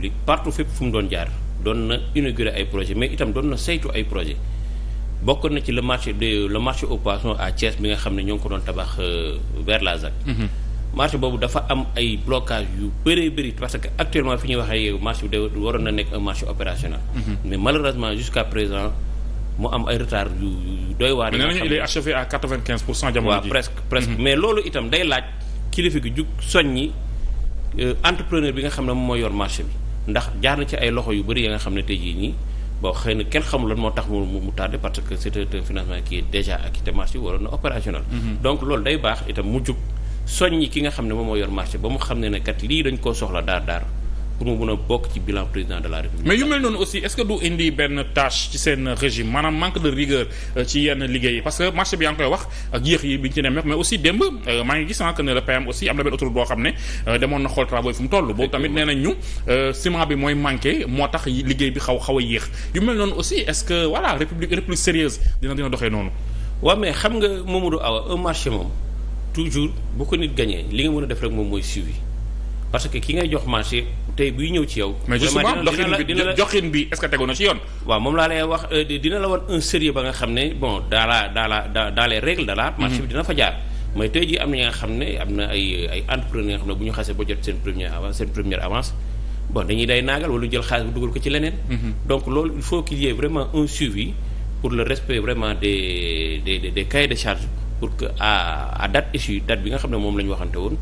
république partout fépp fu mu doon jaar doon na inaugurer ay projet mais itam doon na saytu ay projet bokk na ci le marché de le marché au poisson à bi nga xam ne ñoo ko doon tabax euh, vers la ZAC. Mhm. marché boobu dafa am ay blocage yu bëree bëri parce que actuellement fi ñuy waxee yow marché bi de waroon na nekk un marché mhm. mais malheureusement jusqu'à présent mu am ay retard yu yu doy waar. Mhm. Euh, xam ne moom moo yor marché bi. ndax jaar na ci ay loxo yu bëri ya nga xam ne tey jii ñii boo xëy na kenn xamuloon moo tax mu mu tardé parce que c'est un financement qui est déjà acquitté marché bi na opérationnel. Mm-hmm. donc loolu day baax itam mu jub soññi ki nga xam ne moom moo yor marché ba mu xam ne ne kat lii dañ koo soxla daar daar. pour mu mën a bokk ci bilan président de la république. mais yu mel noonu aussi est-ce que du indi benn tâche ci seen régime maanaam manque de rigueur euh, ci yenn liggéey yi parce que marché bi yaa ngi koy wax ak yéex yi bi ñu ci nemmeeku mais aussi démb euh, maa ngi ah boo xam ne euh, demoon na xool travaux yi mu toll. boobu tamit nee ñu ciment bi mooy manqué moo tax liggéey bi xaw xaw a yéex yu mel noonu aussi est-ce que voilà république république sérieuse dina dina doxee noonu. xam nga Mamadou Awa un marché ko nit gagné li nga mën a def rek parce que ki ngay jox marché tey buy ñëw ci yow. mais justement doxin bi joxin bi est-ce que tegu na moom laa lay wax euh, dina la wan un sérieux ba nga xam ne bon daala daala dans la dans les règles mhm. marché bi dina fa jaar. mais tey jii am na ñi nga xam ne am na ay ay entrepreneur nga xam ne bu ñu xasee ba jot seen première avance seen première avance bon dañuy day naagal wala jël xaalis bu dugal ko ci leneen. Mhm. donc loolu il faut qu'il y ait vraiment un suivi pour le respect vraiment des des des cahiers de charge pour que à à date issue nga xam ne moom la ñu waxante woon